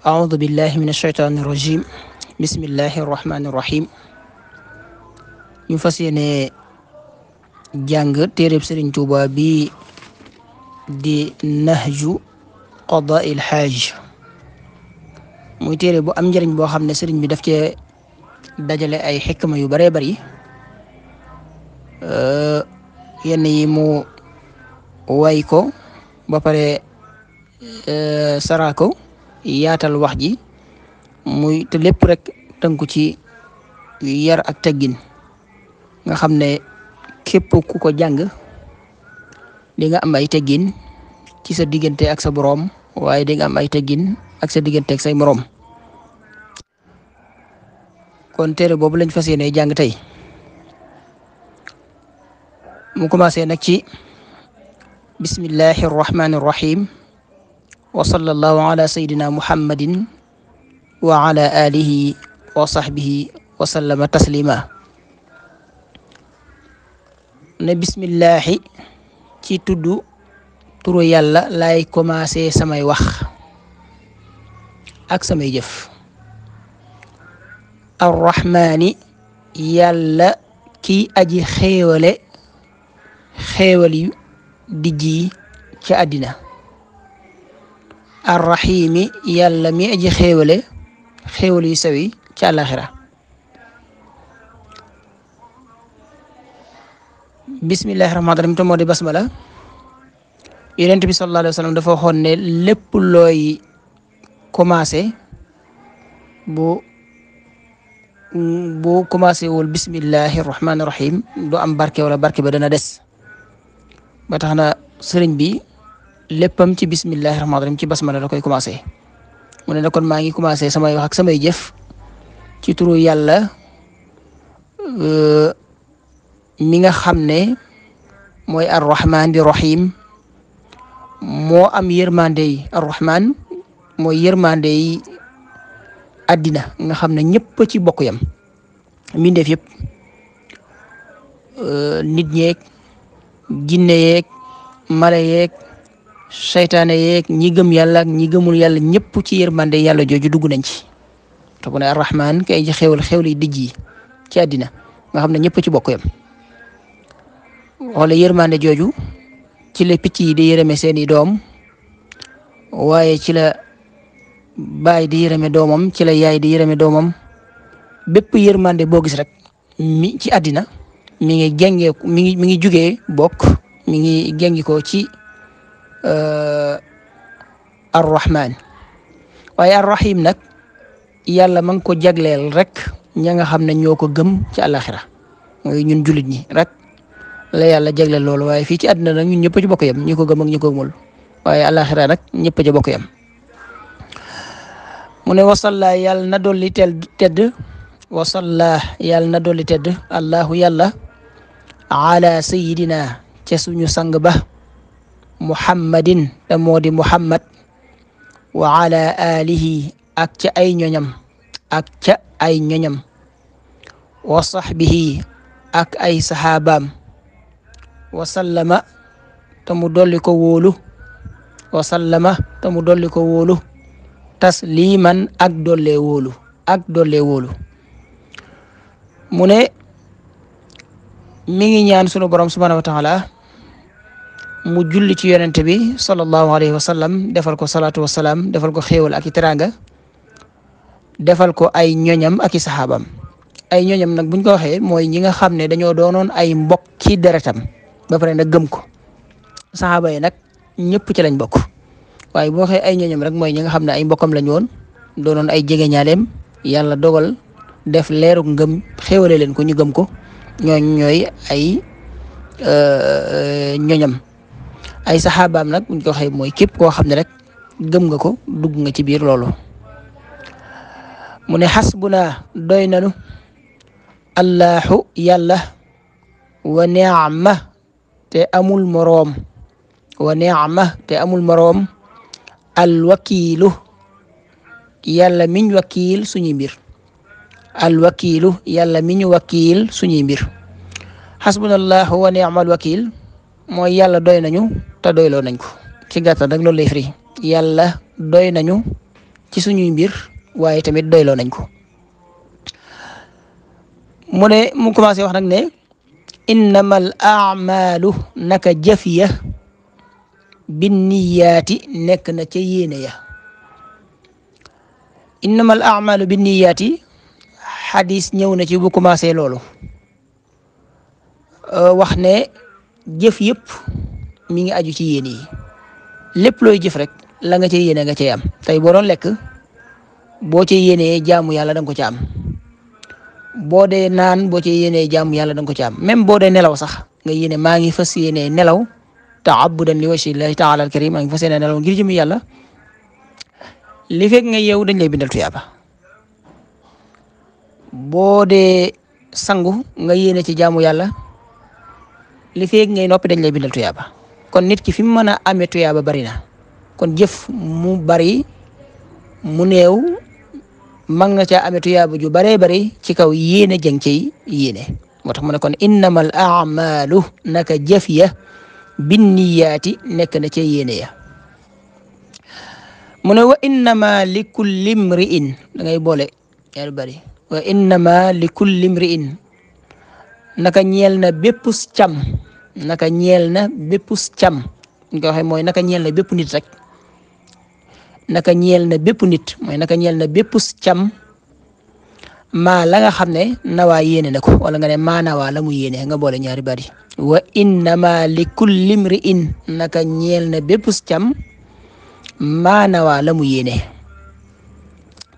أعوذ بالله من الشيطان الرجيم بسم الله الرحمن الرحيم يفسين جانغ تيرب سرين توبا بي دي نهج قضاء الحاج موي تيرب ام جارين بو خامني سرين بي دافتي داجالي اي حكمه يو بري بري مو وايكو با سراكو yaatal wax ji muy te lépp rek tënku ci yar ak teggin nga xam ne képp ku ko jàng di nga am ay teggin ci sa diggante ak sa borom waaye di nga am ay teggin ak sa diggante ak say morom kon téere boobu lañ jàng mu commencé nag ci bismillahi rahim wa sallallahu ala sayyidina muhammadin wa ala alihi wa sahbihi wa sallama taslima ne bismillahi ci tudd turu yàlla laay commencé samay wax ak samay jëf arrahmaani yàlla ki aji xéewale xéewal yu dijji ci àddina الرحيم يلا ميجي اجي خيولي خيولي سوي تي الاخره بسم الله الرحمن الرحيم تو مودي بسمله يونت بي صلى الله عليه وسلم دا فو خون لوي كوماسي بو بو كوماسي وول بسم الله الرحمن الرحيم دو ام بركه ولا بركه با دنا ديس با بي léppam ci bismillahi rahmaani rahim ci basmala la koy commencé mu ne na kon maa ngi commencé samay wax ak samay jëf ci turu yàlla euh, mi nga xam ne mooy arrahman di rahim moo am yërmande yi arrahman mooy yërmande yi àddina nga xam ne ñëpp ci bokk yam mbindeef yëpp euh, nit ñeeg jinne mala yeeg seytaane yeeg ñi gëm yàlla ak ñi gëmul yàlla ñëpp ci yërmande yàlla jooju dugg nañ ci te bu ne arrahman kay ji xewal xewal yi dijj ci àddina nga xam ne ñëpp ci bokk yam wala yërmande jooju ci la picc yi di yërëme seeni doom waaye ci la baay di yërëme doomam ci la yaay di yërëme doomam bépp yërmande boo gis rek mi ci àddina mi ngi jàngee mi ngi mi bokk mi ngi jàngi ko ci arrahman waaye arrahim nag yàlla ma ngi ko jagleel rek ña nga xam na ñoo ko gëm ci àlaxira mooy ñun jullit ñi rek la yàlla jagleel loolu waaye fii ci àddina nag ñun ñëpp ci bokk yem ñi ko gëm ak ñi ko gëmul waaye àlaxira nag ñëpp ci bokk yem mu ne wasalla yàlla na dolli tel tedd wasalla yàlla dolli tedd allahu yàlla ala sayidina ca suñu sang ba muhammadin te moo di muhammad wa alihi ak ca ay ñoñam ak ca ay ñoñam wa sahbihi ak ay saxaabaam wa sallama te mu dolli ko wóolu wa sallama te mu dolli ko woolu tasliman ak dolle wóolu ak dolle wóolu mu ne mi ngi ñaan sunu borom subhanahu wa taala mu julli ci yonente bi sallallahu alayhi wa sallam defal ko salaatu wa salaam defal ko xéewal aki i defal ko ay ñoñam aki saxaabam ay ñoñam nag buñ ko waxee mooy ñi nga xam ne dañoo doonoon ay mbokk mbokki deretam ba pare nag gëm ko saxaaba yi nag ñëpp ci lañ bokk waaye boo waxee ay ñoñam rek mooy ñi nga xam ne ay mbokkam lañ woon doonoon ay jege ñaaleem yàlla dogal def leeruk ngëm xéewale leen ko ñu gëm ko ñooñ ñooy ay euh, ñoñam ay saxaabaam nag buñ ko waxee mooy képp koo xam ne rek gëm nga ko dugg nga ci biir loolu mu ne xasbuna doy nanu allahu yàlla wa neama te amul moroom wa neama te amul moroom alwakiilu yàlla miñ wakiil suñuy mbir alwakiilu yàlla miñ wakiil suñuy mbir xasbuna allahu wa neama alwakiil mooy yàlla doy nañu te doyloo nañ ko ci gàttal rek loolu lay firi yàlla doy nañu ci suñuy mbir waaye tamit doyloo nañ ko mu ne mu commencé wax nag ne innama al aamalu naka jëf ya binniyaati nekk na ca yéene ya innama al aamalu binniyaati xadis ñëw na ci bu commencé loolu wax ne jëf yëpp mi ngi aju ci yéene yi lépp looy jëf rek la nga cay yéene nga cay am tey boo doon lekk boo ci yéenee jaamu yàlla da nga ko ca am boo dee naan boo cay yéenee jaamu yàlla da nga ko ca am même boo dee nelaw sax nga yéene maa ngi fas yéenee nelaw taabudan li wajhi llahi taala al karim maa ngi fas yéenee nelaw ngir jëmi yàlla li fekk nga yeewu dañ lay bindal tuyaaba boo dee sangu nga yéene ci jaamu yàlla. li feeg ngay noppi dañ lay bindal tuyaaba kon nit ki fi mu mën a amee tuyaaba bari na kon jëf mu bari mu néew mag nga ca amee tuyaaba ju baree bari ci kaw yéene jëng cey yéene moo tax mu ne kon innamal amalu naka jëf ya binniyaati nekk na ca yéene ya mu ne wa innama li kulli mri'in da ngay boole ñaar bari wa innama li kulli mri'in naka ñeel na bépp cam naka ñeel na bépp cam mooy naka ñeel na bépp nit rek naka ñeel na bépp nit mooy naka ñeel na bépp cam maa la nga xam ne nawaa yéene na ko wala nga ne maa nawaa la mu yéene nga boole ñaari baat yi wa innama na kulli mri'in naka ñeel na bépp cam maa nawaa la mu yéene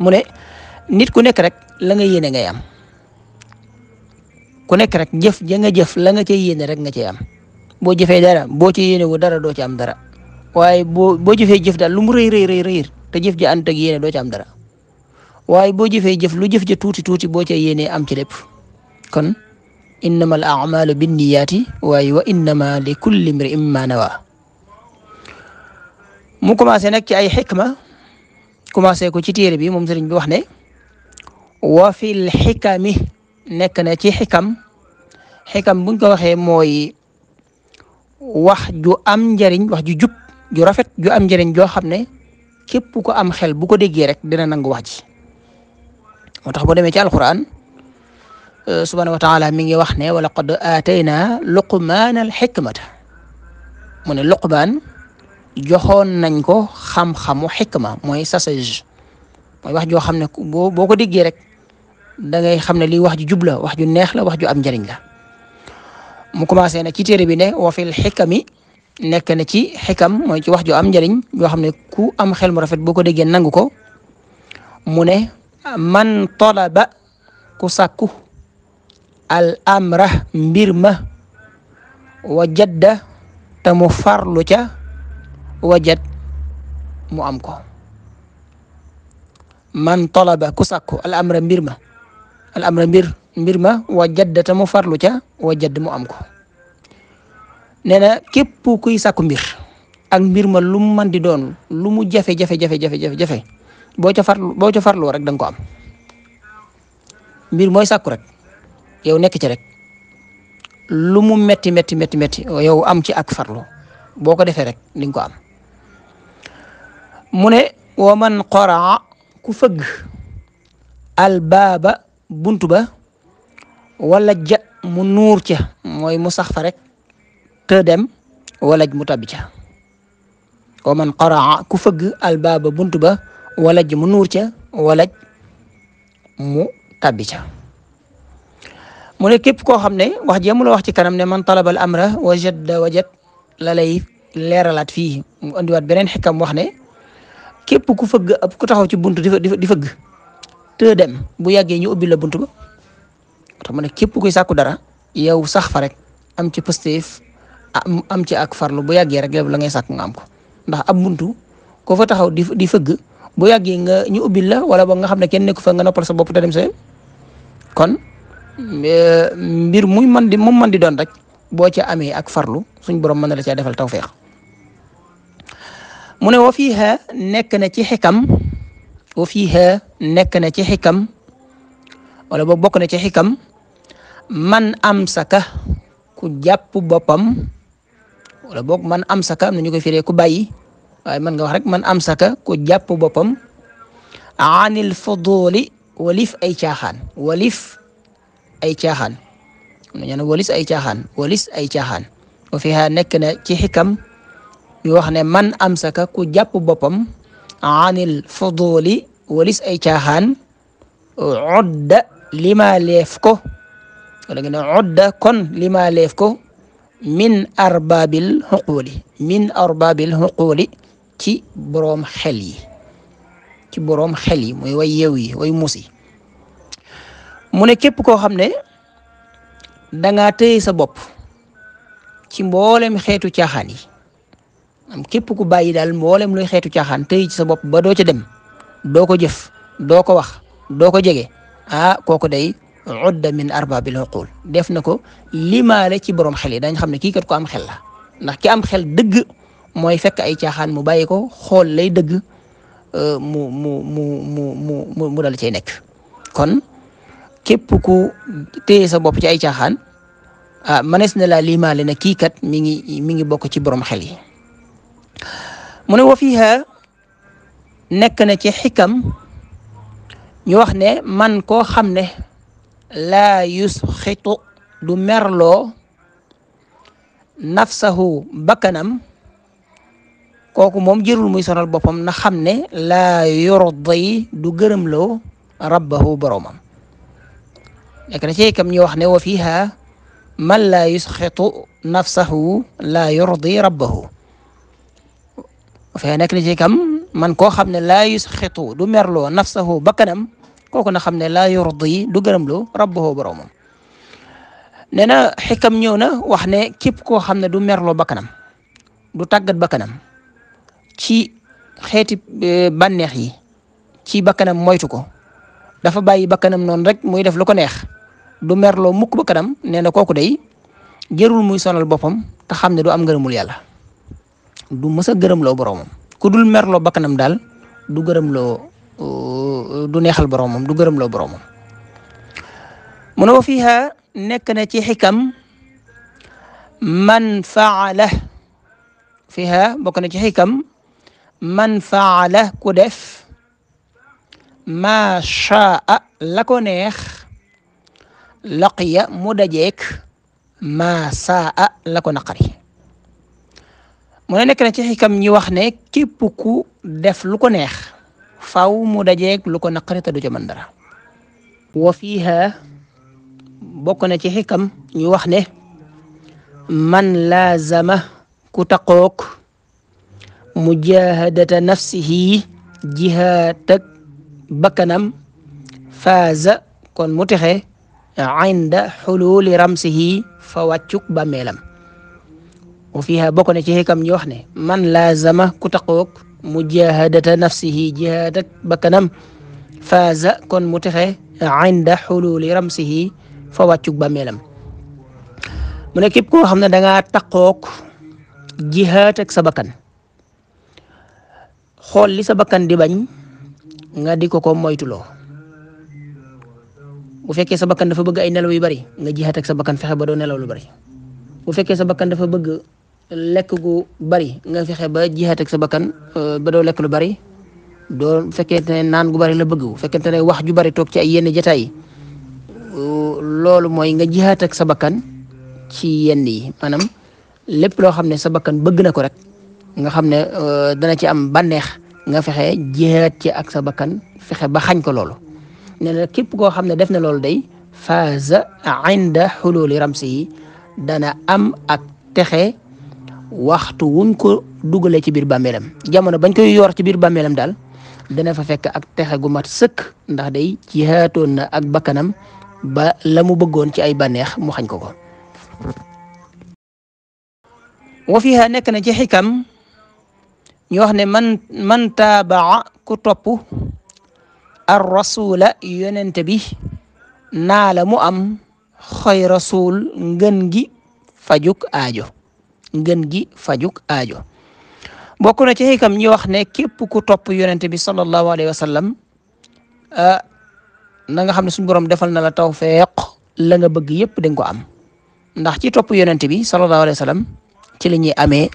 mu ne nit ku nekk rek la nga yéene ngay am ku nekk rek jëf ja nga jëf la nga cay yéene rek nga cay am boo jëfee dara boo ci yéene wu dara doo ci am dara waaye boo boo jëfee jëf daal lu mu rëy rëy te jëf ja ànd ak yéene doo ci am waaye boo jëfee jëf lu jëf ja tuuti tuuti boo ca yéenee am ci lépp kon innama al amalu binniyaati waaye wa innama li kulli imri imma nawa mu commencé nag ci ay xikma commencé ko ci téere bi moom sëriñ bi wax ne wa fil nekk na ci xikam xikam buñ ko waxee mooy wax ju am njariñ wax ju jub ju rafet ju am njariñ joo xam ne képp ko am xel bu ko déggee rek dina nangu wax ji moo tax boo demee ci alquran euh, subhanahu wa taala mi ngi wax ne wa laqad aatayna luqmaana al xikmata mu ne luqmaan joxoon nañ ko xam-xamu xikma mooy sasage mooy wax joo xam ne boo boo ko déggee rek da ngay xam ne lii wax ju jubla wax ju neex la wax ju am njëriñ la mu commencé na ci téere bi ne wa fil xikami nekk na ci xikam mooy ci wax ju am njëriñ yoo xam ne ku am xel mu rafet boo ko déggee nangu ko mu ne man talaba ku sàkku al amra mbir ma wa jadda te mu farlu ca wa mu am ko man talaba ku sàkku al amra mbir ma al na mbir mbir ma wa jadda ta mu farlu ca wa jadd mu am ko nee na képp kuy sakku mbir ak mbir ma lu mu mën di doon lu mu jafe-jafe jafe-jafe jafe-jafe boo ca farlu boo ca farlu rek da ko am mbir mooy sakku rek yow nekk ci rek lumu metti metti metti yow am ci ak farlu boo ko defee rek di ko am mu ne wa man ku fëgg al baaba buntu ba wala jat mu nur ca moy mu sax rek te dem walaj mu tabbi ca ko man qaraa ku al baba buntu ba walaj mu nur ca walaj mu tabbi ca mu ne kep ko xamne ne wax jéemu la wax ci kanam ne man talabal amra wajad wajad la lay leralat fi mu wat benen hikam wax ne kep ku feug ku taxaw ci buntu di difa difa te dem bu yàggee ñu ubbi la buntu ba tax ma ne képp kuy sàkku dara yow sax fa rek am ci positif am am ci ak farlu bu yàggee rek yow la ngay sàkku nga am ko ndax ab buntu ko fa taxaw di di fëgg bu yàggee nga ñu ubbi la wala ba nga xam ne kenn nekku fa nga noppal sa bopp te dem sa kon mbir muy man di moom man di doon rek boo ci amee ak farlu suñ borom mën na la caa defal tawféex mu ne wa fiha nekk na ci wa fiiha nekk na ci xikam wala ba bokk na ci xikam man am saka ku jàpp boppam wala boog man am saka am na ñu koy firee ku bàyyi waaye man nga wax rek man am saka ku jàpp boppam anil fuduli walif ay caaxaan walif ay caaxaan ñu ne ay caaxaan walis ay caaxaan wa fiha wax ne man am saka ku jàpp boppam عن الفضول وليس أي كهان عد لما ليفكو ولكن عد كن لما ليفكو من أرباب الحقول من أرباب الحقول كي بروم خلي كي بروم خلي موي وي وي موسي مو نه كيب كو خامني داغا تيي سا بوب كي مبولم خيتو تياخاني am képp ku bàyyi daal mboolem luy xeetu caaxaan tey ci sa bopp ba doo ca dem doo ko jëf doo ko wax doo ko jege ah kooku day udda min arbaabil uqul def na ko limaale ci borom xel yi dañ xam ne kii kat ko am xel la ndax ki am xel dëgg mooy fekk ay caaxaan mu bàyyi ko xool lay dëgg euh, mu mu mu mu mu mu dal cay nekk kon képp ku téye sa bopp ci ay caaxaan ah mënees na laa limaale na kiikat kat mi ngi mi ngi bokk ci borom xel yi. mu ne wa fiha nekk na ci xikam ñu wax ne man koo xam ne laa yusxitu du merloo nafsahu bakkanam kooku moom jërul muy sonal boppam na xam ne laa yurdi du gërëmloo rabbahu boromam nekk na ci xikam ñu wax ne wa fiha man laa yusxitu nafsahu laa yurdi rabbahu وفي هناك نجي كم من كو خمنا لا يسخطو دو ميرلو نفسه بكنم كو كنا خمنا لا يرضي دو قرم لو ربه برومم نينا حكم نيونا وحنا كيب كو خمنا دو ميرلو بكنم دو تاقد بكنم تي خيتي بانيخي تي بكنم مويتوكو دفا باي بكنم نون رك موي دف لوكو نيخ دو ميرلو موك بكنم نينا كو داي جيرول موي سونال بوبم تخمنا دو أم غرمول يالله du mës gërëm gërëmloo boromam ku dul mer merloo bakkanam daal du gërëm gërëmloo du neexal boromam du gërëmloo boromam mu ne wa fiiha nekk na ci xikam man faala fiha bokk na ci xikam man faala ku def ma shaa la ko neex laqiya mu dajeek maa saa la ko naqari mu nekk na ci xikam ñi wax ne képp ku def lu ko neex faw mu dajeeg lu ko naqari te du ca mën dara wa fiiha bokk na ci xikam ñu wax ne man laazama ku taqoog mujahadata nafsihi jihaatag bakkanam faaza kon mu texe inda xuluuli ramsihi fa wàccuk bàmmeelam wa fiha bokk na ci xikam ñu ne man laazama ku taqoog mujahadata nafsihi jihaad ak bakkanam faaza kon mu texe inda xululi ramsihi fa wàccug bàmmeelam mu ne képp koo xam ne dangaa taqoog jihaad ak sa bakkan xool li sa bakkan di bañ nga di ko ko moytuloo bu fekkee sa bakkan dafa bëgg ay nelaw yu bari nga jihaat ak sa bakkan fexe ba doo nelaw lu bari bu fekkee sa bakkan dafa bëgg lekk gu bari nga fexe ba jihaat ak sa bakkan euh, ba doo lekk lu bari doo fekkente ne naan gu bari la bëgg bu fekkente ne wax ju bari toog ci ay yenn jataay yi euh, loolu mooy nga jihaat ak sa bakkan ci yenn yi maanaam lépp loo xam ne sa bakkan bëgg na ko rek nga xam ne euh, dana ci am bànneex nga fexe jihaat ci ak sa bakkan fexe ba xañ ko loolu nee na képp koo xam ne def na loolu day faaza inda xululi ramsi yi dana am ak texe waxtu wuñ ko dugalee ci biir bàmmeelam jamono bañ koy yor ci biir bàmmeelam daal dana fa fekk ak texe gu mat sëkk ndax day ci xeetoon na ak bakkanam ba lamu bëggoon ci ay baneex mu xañ ko ko wa fiha nekk na ci xikam ñu wax ne man man ku topp ar rasula yonente bi naa mu am xoy rasul ngën gi fajuk aajo ngën gi fajuk aajo bokk na ci xikam ñi wax ne képp ku topp yonente bi sallallahu alayhi wa sallam ah, na nga xam ne suñu borom defal na la tawfeeq la nga bëgg yépp da ko am ndax ci topp yonente bi sallallahu alayhi wa sallam ci la ñuy amee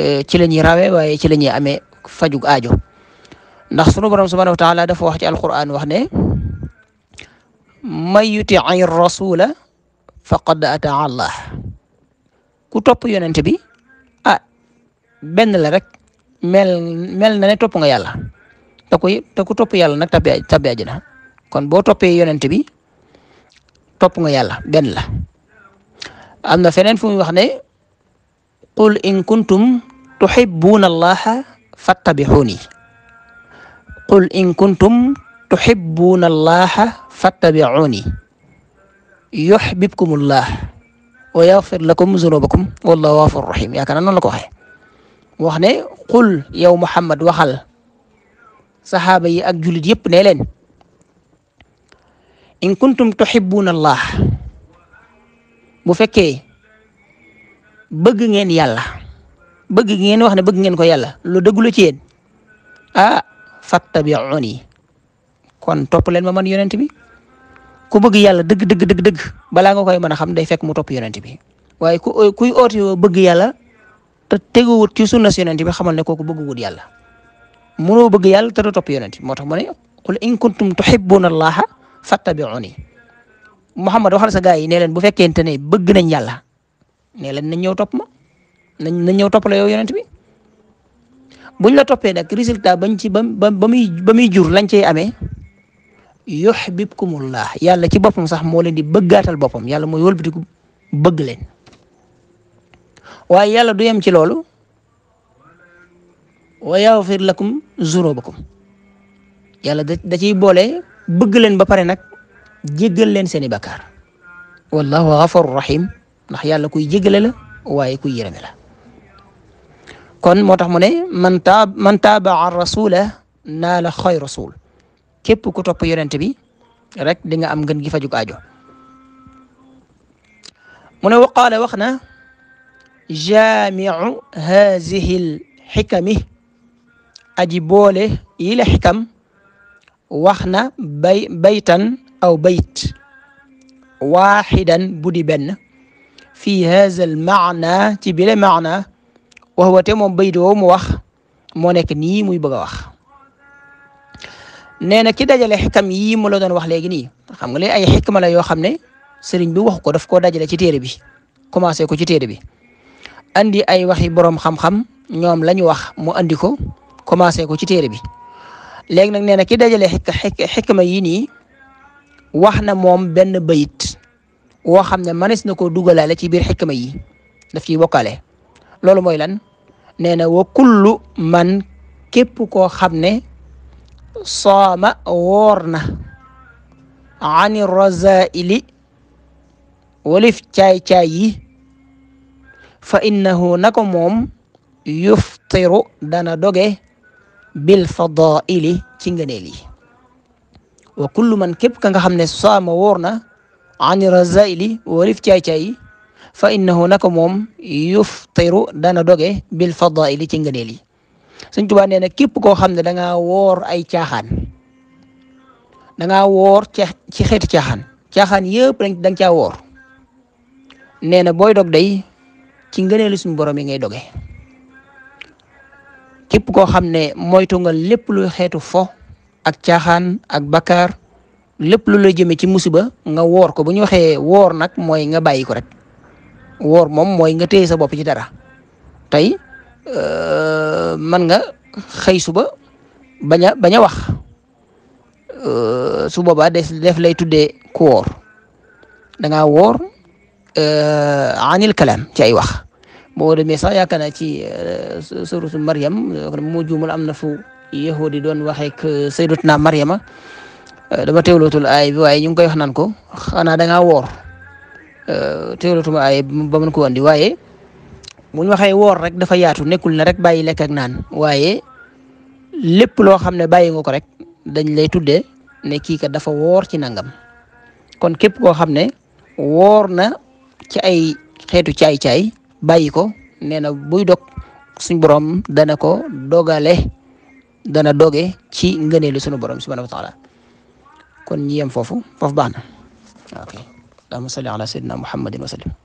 eh, ci la ñuy rawee waaye ci la ñuy amee fajug aajo ndax sunu borom subhanahu wa taala dafa wax ci alquran wax ne man yutii rasula faqad ataa allah ku topp yonent bi ah benn la rek mel mel na ne topp nga yàlla te ku topp yàlla nag tabbi tabbi àjjana kon boo toppee yonent bi topp nga yàlla benn la am na feneen fu muy wax ne qul in kuntum tuhibbuuna allaha fattabixuuni qul in kuntum tuhibbuuna allaha fattabixuuni yuxbibkumullah wa yaxfir lakum zunubakum wallahu ghafurur rahim yaakaar naa noonu la ko waxee wax ne qul yow Muhammad waxal saxaaba yi ak julit yëpp ne leen in kuntum tuhibbuna allah bu fekkee bëgg ngeen yàlla bëgg ngeen wax ne bëgg ngeen ko yàlla loo dëggu la ci yéen ah fattabi'uni kon topp leen ma man yonent bi ku bëgg yàlla dëgg dëgg dëgg dëgg balaa nga koy mën a xam day fekk mu topp yonent bi waaye ku kuy oote yoo bëgg yàlla te teguwut ci sunna yonent bi xamal ne kooku bëgguwut yàlla mënoo bëgg yàlla te du topp yonent bi moo tax mu ne qul in kuntum tuhibbuna allaha fattabi'uni Muhammad waxal sa gars yi ne leen bu fekkente ne bëgg nañ yàlla ne leen nañ ñëw topp ma nañ nañ ñëw topp la yow yonent bi buñ la toppee nag résultat bañ ci ba ba muy ba muy jur lañ cey amee yuhibbukumullah yàlla ci boppam sax moo leen di bëggaatal boppam yàlla mooy wëlbatiku bëgg leen waaye yàlla du yem ci loolu wa yaghfir lakum zunubakum yàlla da ciy boole bëgg leen ba pare nag jéggal leen seeni bakkaar wallahu ghafuur rahim ndax yàlla kuy jéggale la waaye kuy yërëme la kon moo tax mu ne man taab man taaba an rasula naa la xay rasul képp ku topp yonent bi rek di nga am ngën gi fajug aajo mu ne waqaala wax na jaamiu haazihil xikami aji boole yi la xikam wax na bay baytan aw bayt waaxidan bu di benn fii haza al maana ci bile maana wax wate moom bayt woowu mu wax moo nekk nii muy bëgg a wax nee na ki dajale xikam yii ma doon wax léegi nii xam nga léegi ay xikma yoo xam ne sëriñ bi wax ko daf koo dajale ci téere bi commencé ko ci téere bi andi ay waxi borom xam ñoom la ñu wax mu andi ko commencé ko ci téere bi léegi nag nee na ki dajale xik xikma yii nii wax na moom benn bayit woo xam ne manis na koo dugalaale ci biir xikma yi daf ciy bokkaale loolu mooy lan nee na wa kullu man képp koo xam ne صام ورنا عن الرزائل ولف تاي تاي فإنه نكموم يفطر دانا دوغي بالفضائل تنغنيلي وكل من كيب كان خامن صام ورنا عن الرزائل ولف تاي تاي فإنه نكموم يفطر دانا دوغي بالفضائل تنغنيلي sëñ Tuubaa nee na képp koo xam ne danga woor ay caaxaan danga ngaa woor ci xeeti caaxaan caaxaan yëpp da nga caa woor nee na booy dog day ci ngëneelu suñu borom yi ngay doge képp koo xam ne moytu nga lépp lu xeetu fo ak caaxaan ak bakkaar lépp lu la jëmee ci musiba nga woor ko bu ñu waxee woor nag mooy nga bàyyi ko rek woor moom mooy nga téye sa bopp ci dara tey. Euh, man nga xëy suba bañ a bañ wax euh, su boobaa def lay tuddee ku woor da woor euh, anil kalaam ci ay wax boo demee sax yaakaar naa ci suratu Maryam moo juumul am na fu yahudi doon waxee ak na Maryama dama teewlootul aay bi waaye ñu ngi koy wax naan ko xanaa danga ngaa woor teewlootuma aay ba mën ko wandi waaye. muñ waxee woor rek dafa yaatu nekkul na rek bàyyi lekk naan waaye lépp loo xam ne bàyyi nga ko rek dañ lay tudde ne kii kat dafa woor ci nangam kon képp koo xam ne woor na ci ay xeetu caay-caay bàyyi ko nee na buy dog suñ borom dana ko dogale dana doge ci ngëneelu sunu borom subhanahu wa taala kon ñi yem foofu foofu baax na ok allahumma salli ala sayyidina muhammadin wa sallim